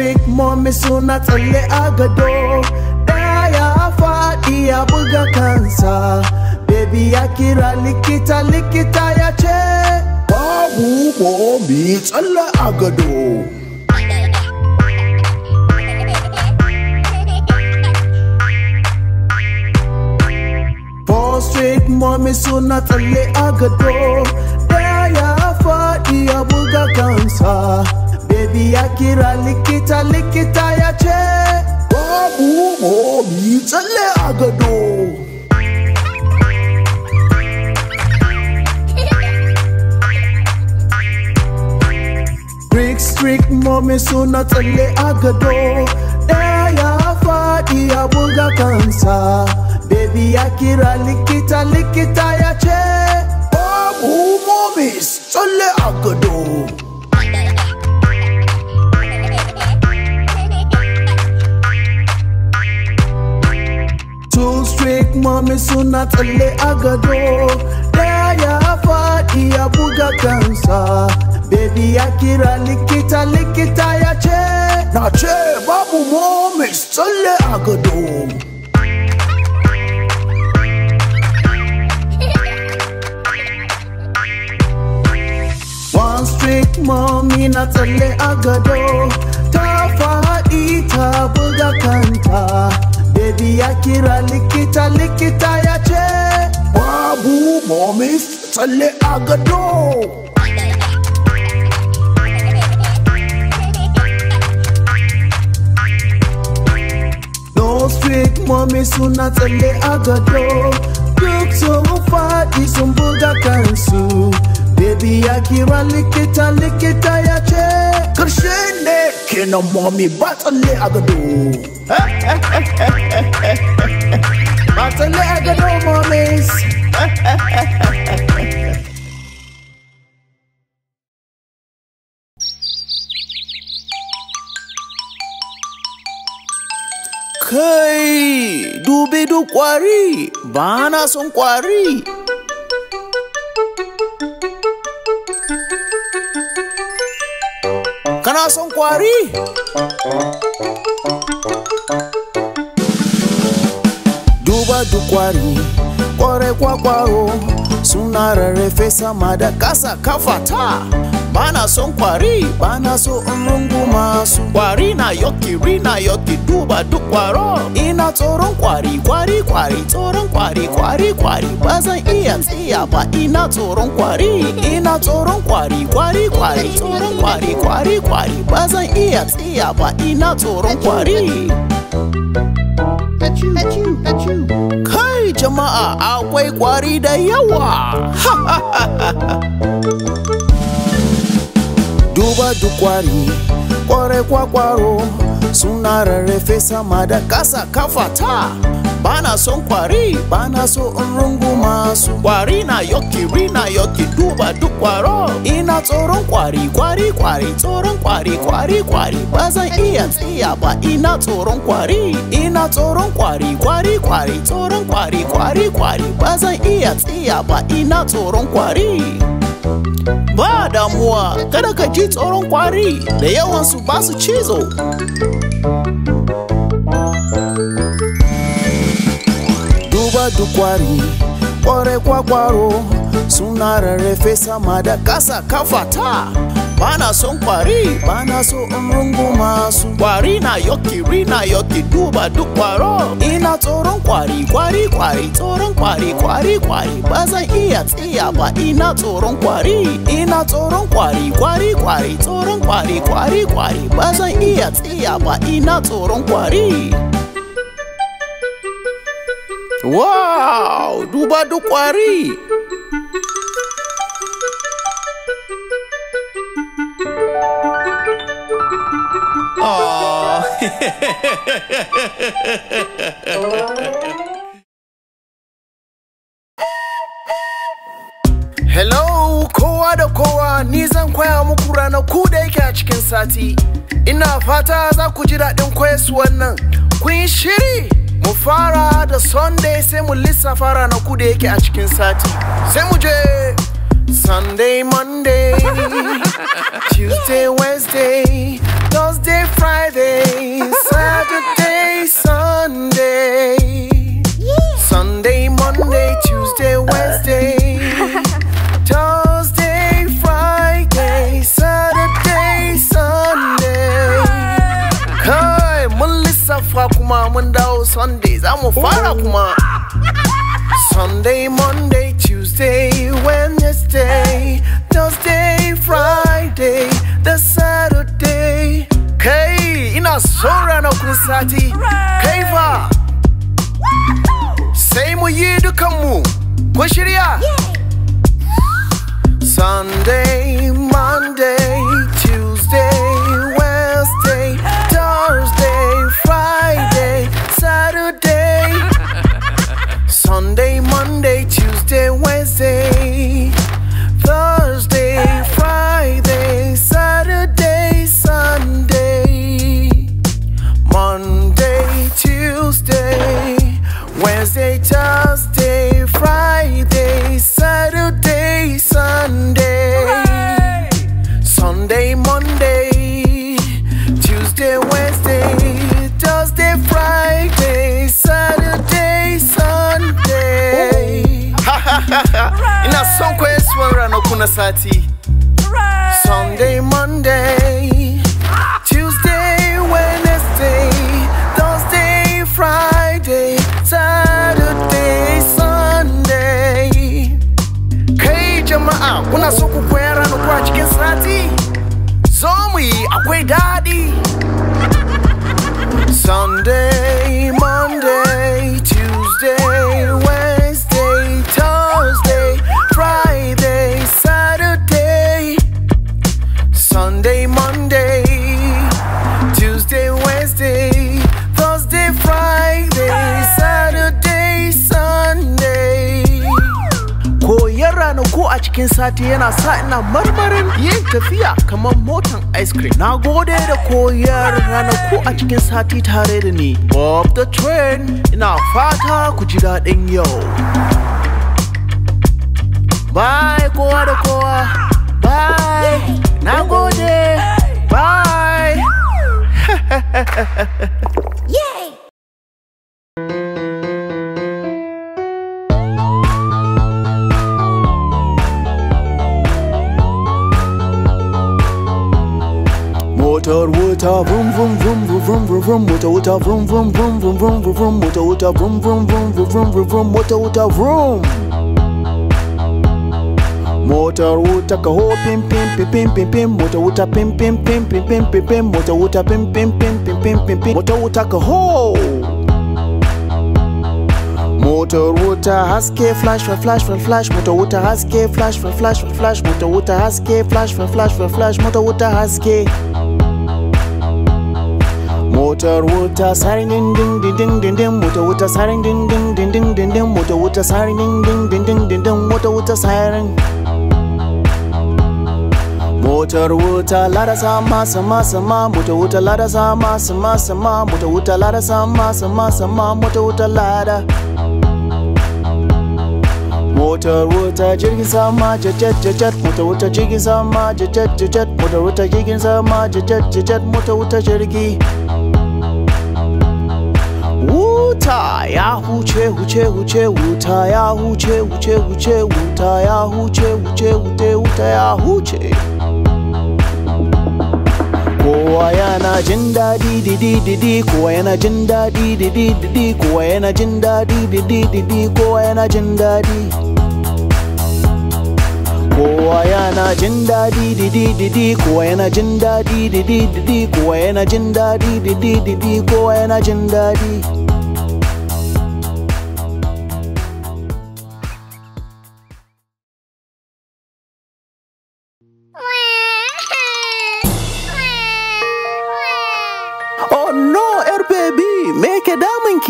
trick Mommy soon I tell you I go do Daya fadi abuga cancer Baby akira likita likita ya che Babu mommy tell you I go do Straight mommy soon I tell you I go do Daya fadi abuga cancer baby Akira likita likita ya ce Babu momi tsalle a gado Brick streak momi suna tsalle a gado Ɗaya ya faɗi ya buga kansa Baby ya kira lick it, ya ce Babu mommy, tsalle a gado Big Mami suna tsalle a agado, Daya ya faɗi ya buga kansa Baby ya kira likita likita ya che Na che babu mo mai tsalle a gado One street mommy na tsalle a gado Ta faɗi ta buga kanta በዲያኪራ ልኪታ ልኪታ ያቼ ባቡ ሞሚስ ጸሌ No Street mommy suna tsale agado Duk tsohon faɗi sun buga kansu Baby ya kira likita likita ya ce Karshe Mary no more me battle I go do. battle I go do, mommies. Kai, dube du kwari, bana son kwari. son kwari? Duba duk kwari, kware kwakwaro, suna rarrafe sama da ƙasa kafata. Bana son kwari bana so in masu. kwari na yoki rina yoki duba duk kwaro ina tsoron kwari kwari kwari tsoron kwari kwari kwari ba zan iya tsiya ba ina tsoron kwari ina tsoron kwari kwari kwari tsoron kwari kwari kwari ba zan iya tsiya ba ina tsoron kwari Kai jama'a akwai kwari da yawa! Ha ha ha ha! gwadukwari kware kwakwaro suna mada sama kasa kafata bana son kwari bana so in runguma su kwari na yoki rina yoki duba duk ina tsoron kwari kwari kwari tsoron kwari kwari kwari ba zan iya tsiya ba ina tsoron nkwari ina tsoron kwari kwari kwari tsoron kwari kwari kwari ba zan iya tsiya ba ina tsoron kwari Ba damuwa, kada ka ji tsoron kwari da yawansu ba su cizo. Duba duk kwari, kware kwakwaro, suna rarrafe sama da kasa kafata. bana son kwari bana so umrungu masu kwari na yoki rina yoki duba duk kwaro ina tsoron kwari kwari kwari tsoron kwari kwari kwari ba zan iya tsiya ba ina tsoron kwari ina tsoron kwari kwari kwari tsoron kwari kwari kwari ba zan iya tsiya ba ina tsoron kwari Wow! Duba duk kwari! Hello, kowa da kowa ni zan koya muku ku da yake a cikin sati. Ina fata za ku ji daɗin koyarsu wannan. Kun yi shiri? Mu fara da Sunday sai mu lissafa ku da yake a cikin sati. Sai mu je! Sunday, Monday, Tuesday, Wednesday, Thursday, Friday, Saturday, Sunday. Yeah. Sunday, Monday, Tuesday, Wednesday, Thursday, Friday, Saturday, Sunday. Kai, mun lissafa kuma mun dawo Sundays, za mu fara kuma. Sunday, Monday, Tuesday, Wednesday, Thursday, Friday, the Saturday. Kai ina sora na kun sati. Kai fa. Sai mu yi dukanmu. Kun shirya? Sunday, Monday, Tuesday, Wednesday, Thursday, Friday, Saturday. Sunday, Monday, Tuesday, Wednesday, Thursday, Friday, Saturday, Sunday, Monday, Tuesday, Wednesday, Thursday, Friday, Saturday, Sunday, Sunday, Monday, Tuesday, Wednesday. on a Sati. Sunday, Monday, Tuesday, Wednesday, Thursday, Friday, Saturday, Sunday. Hey, Jamaa, una soku kwera no kwa chicken Sati. Zombie, akwe daddy. Sunday, Monday. Sunday, Monday, Tuesday, Wednesday, Thursday, Friday, Saturday, Sunday. Koyar ranaku a cikin sati yana sa ina marmarin yin tafiya kamar motan ice cream. Na gode da koyar ranaku a cikin sati tare da ni. Bob the train ina fata ku ji daɗin yau. Bye, kowa da kowa. Bye. Yay! Motor, water, vroom, vroom, vroom, vroom, vroom, vroom, vroom, motor, water, vroom, vroom, vroom, vroom, vroom, vroom, Water, water, vroom, vroom, vroom, vroom, vroom, vroom, Water, water, vroom. vroom, vroom, vroom, vroom, vroom, vroom Motor wuta ka ho pim pim pim pim pim pim Motor wuta pim pim pim pim pim pim pim Motor wuta pim pim pim pim pim pim pim Motor wuta ka ho Motor wuta haske flash for flash for flash Motor wuta haske flash for flash for flash Motor wuta haske flash for flash for flash Motor wuta haske Motor wuta sarin ding ding ding ding ding ding Motor wuta sarin ding ding ding ding ding ding Motor wuta sarin ding ding ding ding ding ding Motor wuta sarin wutar wuta lara sama sama sama muta wuta lara sama sama sama muta wuta lara sama sama sama muta wuta lara Water wuta jirgin sama jajet jajet muta wuta jirgin sama jajet jajet muta wuta jirgin sama jajet jajet muta wuta jirgi wuta ya huce huce huce wuta ya huce huce huce wuta ya huce huce huce wuta ya huce kowa yana jin daɗi didi didi kowa yana jin daɗi didi didi kowa yana jin daɗi didi didi kowa yana jin daɗi kowa yana jin daɗi didi didi kowa yana jin daɗi didi didi kowa yana jin daɗi didi didi kowa yana jin daɗi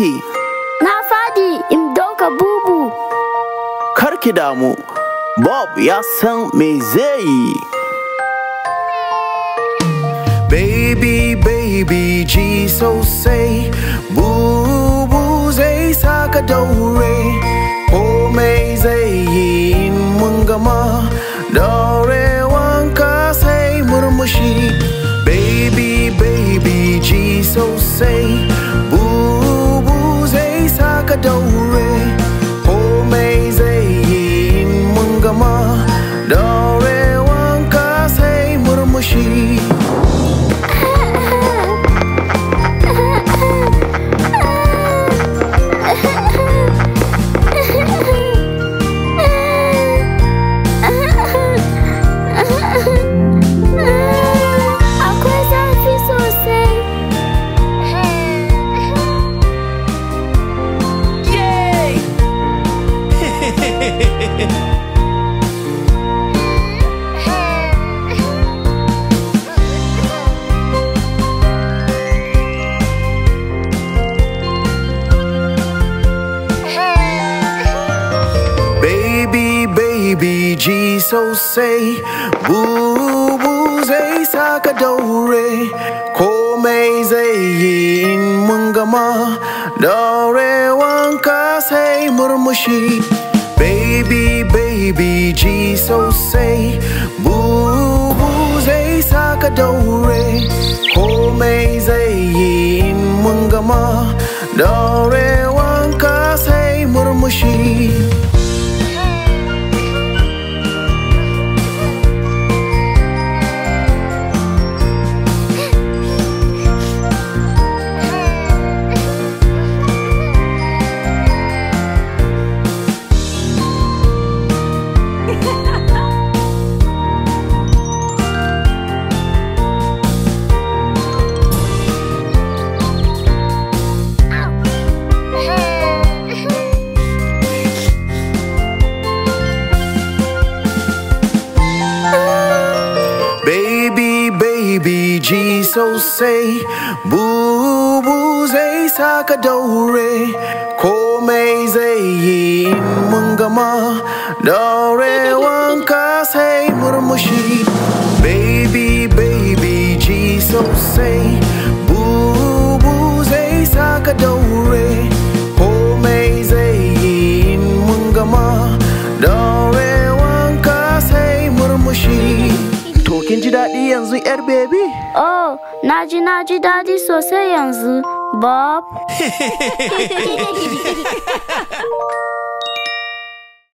kike? Na fadi in dauka bubu. Kar ki damu, Bob ya san me zai yi. Baby, baby, ji sosai, bubu zai saka daure. so say Boo boo say, sakadore, Ko mai say in mungama gama Dore wanka sai murmushi Baby baby ji so say Boo boo say, sakadore, Ko mai say in mungama gama Dore wanka sai murmushi sosai bubu zai saka daure komai zai yi mun gama daurewan ka sai murmushi baby baby ji sosai baby? Oh, naji naji daɗi sosai yanzu, Bob.